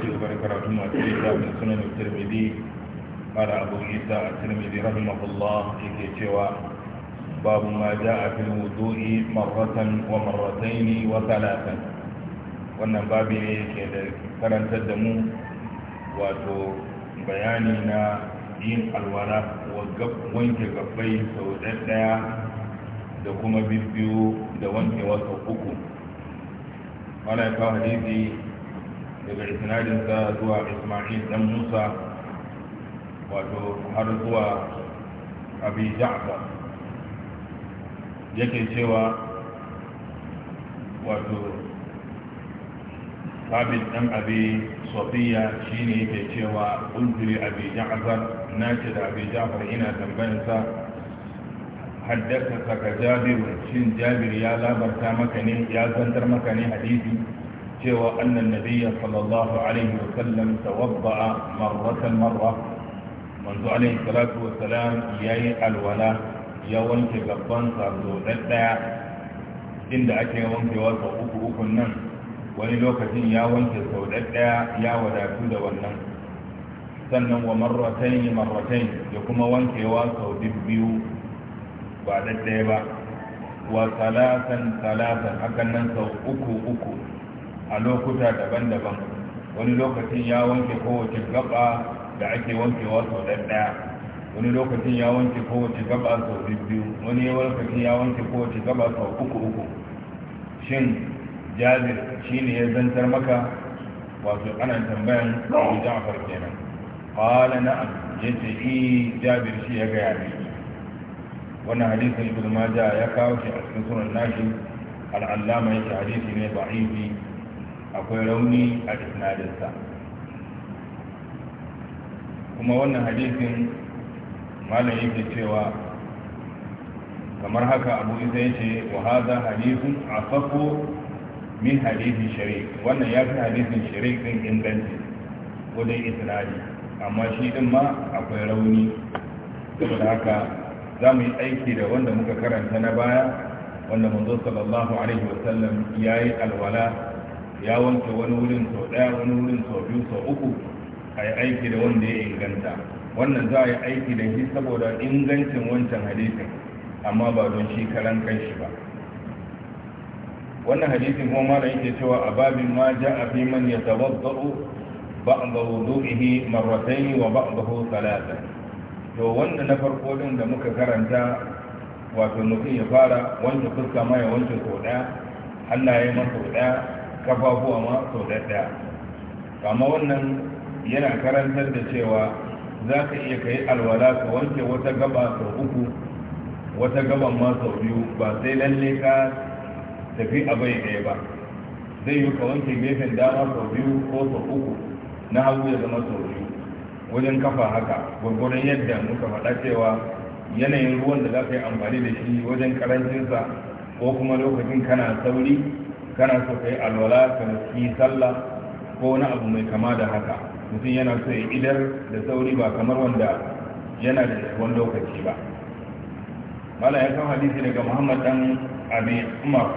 سيغفر كراتم وتريد من سنن الترمذي قال أبو عيسى الترمذي رحمه باب ما جاء في الوضوء ومرتين wannan babi ne ke da karantar da mu wato bayani na yin alwala wanke gabbai sau ɗaya da kuma bibiyu da wanke wasu uku wani kawo hadisi daga isnadinsa zuwa ismail dan musa wato har zuwa abi ja'far yake cewa wato sabit dan abi sofiya shine yake cewa ulturi abi ja'far na ce da abi ja'far ina tambayarsa haddasa saka jabir shin jabir ya labarta maka ne ya zantar maka ne hadisi cewa annan nabiyya sallallahu alaihi wa sallam tawadda'a marratan marra manzo alaihi salatu wa salam yayi alwala ya wanke gaban sa so daya inda ake wankewa sau uku uku nan wani lokacin ya wanke sau daya ya wadatu da wannan sannan wa marratayn marratayn ya kuma wankewa sau biyu ba daddaya ba wa talatan talatan hakan nan sau uku uku a lokuta daban-daban wani lokacin ya wanke kowace gaba da ake wankewa sau ɗaya wani lokacin ya wanke kowace gaba sau biyu wani lokacin ya wanke kowace gaba sau uku uku shin jazir shi ne ya zantar maka wato ana tambayan abu ja'far kenan qala ya ce i eh, jabir shi ya gaya ne wannan hadisin ibn majah ya kawo shi a cikin sunan nashi al'allama ya ce hadisi ne da'ifi akwai rauni a isnadinsa kuma wannan hadisin malam yake cewa kamar haka abu isa ya ce wa haza hadisun a sako min hadisin shirik wannan ya fi hadisin shirik ɗin inganci wajen isnadi amma shi din ma akwai rauni saboda haka za mu yi aiki da wanda muka karanta na baya wanda manzo sallallahu alaihi wasallam ya yi alwala ya wanke wani wurin sau ɗaya wani wurin sau biyu sau uku a yi aiki da wanda ya inganta wannan za a yi aiki da shi saboda ingancin wancan hadisin amma ba don shi karan kanshi ba wannan hadisin kuma mara yake cewa a babin ma ja a fi man ya a ba'da zo'ihi marwatsayi wa ba'dahu salata to wanda na farko din da muka karanta wato mutum ya fara wanke fuska ma ya wanke sau ɗaya hannaye ma sau ɗaya kafafuwa ma sau daɗaya amma wannan yana karantar da cewa za ka iya kai alwala ka wanke wata gaba sau uku wata gaban ma sau biyu ba sai lalle ka tafi a bai ɗaya ba zai yi ka wanke gefen dama sau biyu ko sau uku na hagu ya zama sau biyu wajen kafa haka gwagwarin yadda muka faɗa cewa yanayin ruwan da za ka yi amfani da shi wajen karancinsa ko kuma lokacin kana sauri kana so ka yi alwala ka yi sallah ko wani abu mai kama da haka mutum yana so ya idar da sauri ba kamar wanda yana da wani lokaci ba mala ya kan hadisi daga muhammad dan abi umar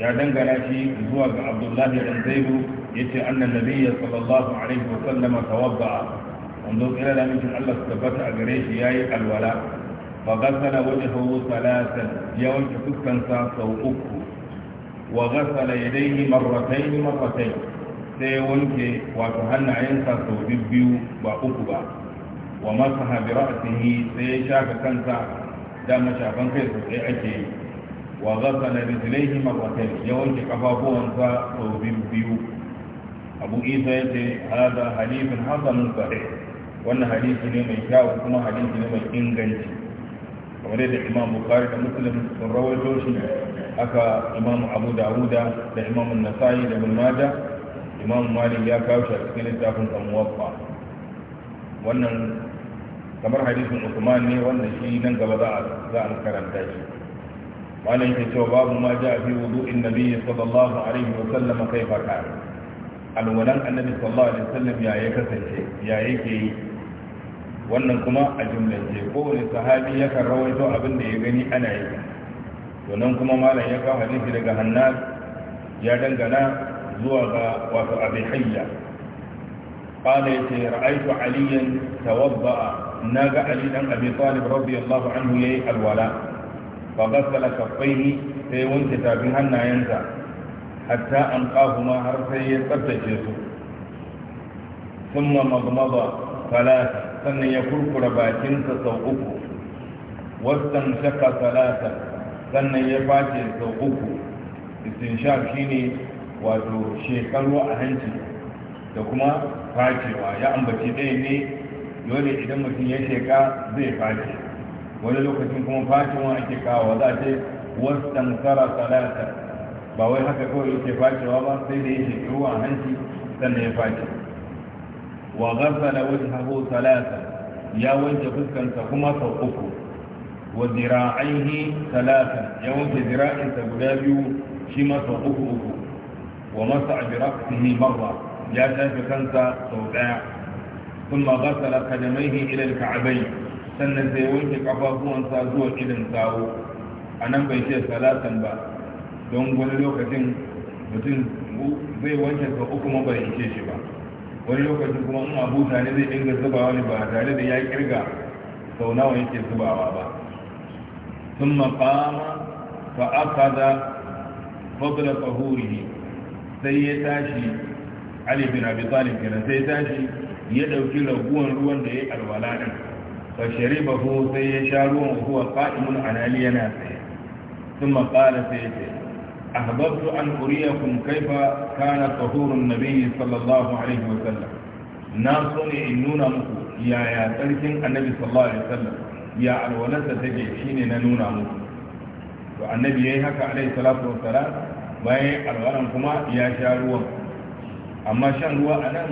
ya dangana shi zuwa ga abdullahi dan zaibu yace annan nabiyya sallallahu alaihi wa sallam tawadda wanda kira da mutum Allah su tabbata a gare shi yayi alwala fa ghassala wajhahu thalathan ya wanke fuskansa sau uku wa ghasala yadayhi marratayn marratayn sai ya wanke wato hannayensa sau biyu ba uku ba wa masaha bi ra'sihi sai ya shafa kansa dama shafan kai sau ɗaya ake yi wa ghasala rijlaihi marratayn ya wanke kafafuwansa sau biyu abu isa ya ce hada hadisin hasanun sahih wannan hadisi ne mai kyau kuma hadisi ne mai inganci kamar yadda imam bukhari da muslim sun rawaito shi Aka imamu abu dawuda da imamu nasa'i da bin maja imamu malik ya kawo shi a cikin littafin samuwa wannan kamar hadisin usman ne wannan shi nan gaba za a karanta shi malam ke cewa babu ma ja fi wudu'in nabiyyi sallallahu alaihi wa sallam kaifa kana alwalan annabi sallallahu alaihi wa sallam ya ya kasance ya yake yi wannan kuma a jumlance kowane sahabi yakan rawaito abin da ya gani ana yi to nan kuma malam ya kawo hadisi daga hannas ya dangana zuwa ga wato abi hayya qala yace ra'aytu aliyan tawadda naga ali dan abi talib radiyallahu anhu yi alwala fa ghassala kaffayhi sai wanke tafin hannayensa hatta an ma har sai ya tsaftace su thumma magmada salasa sannan ya kurkura bakinsa sau uku wasan shaka salasa sannan ya face sau uku istinshaf shine wato shekaru a hanci da kuma facewa ya ambaci ɗaya ne dole idan mutum ya sheka zai face wani lokacin kuma facewa ake kawo za a ce wasu salata ba wai haka kawai yake facewa ba sai da ya shekaru a hanci sannan ya face wa gasa da wajen hagu salata ya wanke fuskansa kuma sau uku wa zira'aihi talata ya wanke zira'insa guda biyu shi masa uku wa masa ajraqtihi marra ya tafi kansa sau daya thumma ghassala qadamayhi ila al-ka'bayn sannan sai ya wanke kafafuwansa zuwa idan sawo anan bai ce salatan ba don wani lokacin mutum zai wanke sau uku bai ishe shi ba wani lokacin kuma in abu tare zai dinga zubawa ne ba tare da ya kirga sau nawa yake zubawa ba ثم قام فأخذ فضل طهوره سيتاشي علي بن أبي طالب كان سيتاشي يدعو كلا قوان روان دي الولاء فشربه سيشارون وهو قائم على لينا ثم قال سيتاشي أحببت أن أريكم كيف كان طهور النبي صلى الله عليه وسلم ناصني إنونا مكو يا يا تلك النبي صلى الله عليه وسلم ya alwalarsa take shine na nuna muku to annabi yi haka alaihi salatu wassalam bayan alwalan kuma ya sha ruwan amma shan ruwa a nan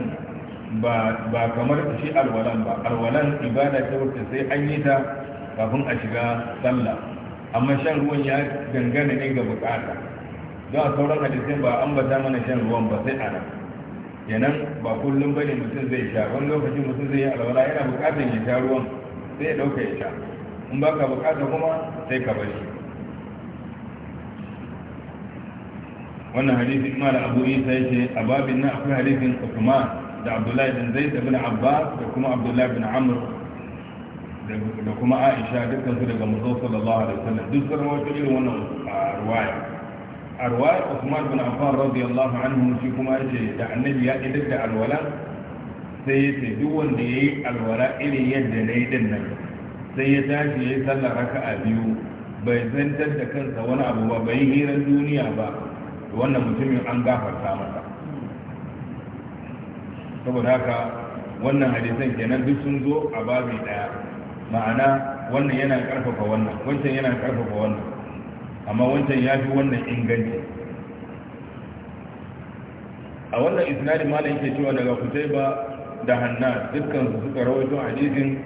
ba kamar shi alwalan ba alwalan ibada ta wuce sai an yi ta kafin a shiga sallah amma shan ruwan ya dangana ne ga bukata don a sauran hadisin ba an bata mana shan ruwan ba sai a nan kenan ba kullum bane mutum zai sha wani lokacin mutum zai yi alwala yana bukatar ya sha ruwan sai ya dauka ya sha in ba ka bukata kuma sai ka bashi wannan hadisi kuma da abu isa ya ce a babin nan akwai hadisin usman da abdullahi bin zaid bin Abba da kuma abdullahi bin amr da kuma aisha dukkan su daga mazo sallallahu alaihi wasallam duk sun rawaito irin wannan ruwaya a ruwayar usman bin affan radiyallahu anhu shi kuma yace da annabi ya idar da alwala sai ya ce duk wanda ya yi alwara irin yadda na yi din nan sai ya tashi ya yi sallar raka a biyu bai zantar da kansa wani abu ba bai hirar duniya ba wannan mutumin an gafarta masa saboda haka wannan hadisan kenan duk sun zo a babi daya ma'ana wannan yana karfafa wannan wancan yana karfafa wannan amma wancan ya fi wannan inganci a wannan isnadi malam ke cewa daga ba. da hanna dukkan su suka rawaito hadisin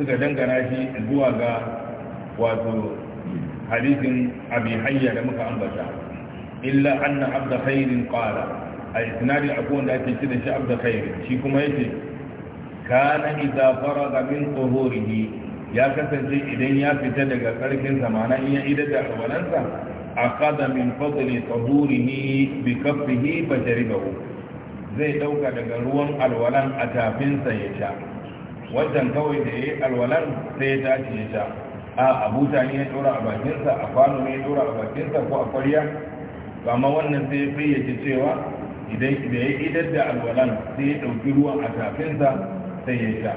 suka dangana shi zuwa ga wato hadisin abi hayya da muka ambata illa anna abda khairin qala a isnadi akwai wanda ake ci da shi abda khairin shi kuma yace kana idza faraga min tuhurihi ya kasance idan ya fita daga karkin zamana in ya idar da alwalansa aqada min fadli tuhurihi bi kaffihi fa sharibahu zai dauka daga ruwan alwalan a tafinsa ya sha wancan kawai da ya yi alwalan sai ya tashi ya sha a abuta ne ya tsora a bakinsa a kwano ne ya tsora a bakinsa ko a kwarya amma wannan sai ya fayyace cewa idan da ya idar da alwalan sai ya ɗauki ruwan a tafinsa sai ya sha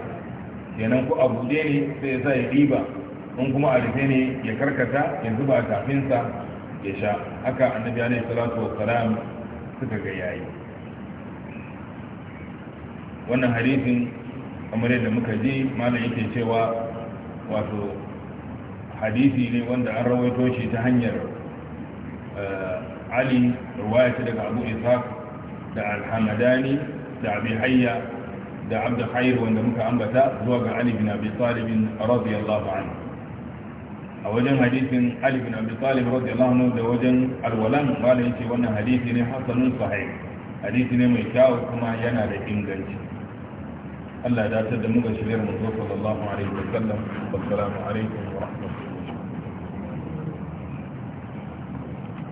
kenan ko a buɗe ne sai ya sa ya ɗiba in kuma a rufe ne ya karkata ya zuba a tafinsa ya sha haka annabi alaihi salatu wassalam suka ga yayi wannan hadisin kamar yadda muka ji malam yake cewa wato hadisi ne wanda an rawaito shi ta hanyar eh, ali ruwaya ta daga abu ishaq da alhamadani da abu hayya da abdu khair wanda muka ambata zuwa ga ali bin abi talib radiyallahu anhu a wajen hadisin ali bin abi talib radiyallahu anhu da wajen alwalan malam yake wannan hadisi ne hasanun sahih hadisi ne mai kyau kuma yana da inganci Allah ya dace da mu ga shirin manzo sallallahu alaihi wa sallam assalamu alaikum wa rahmatullahi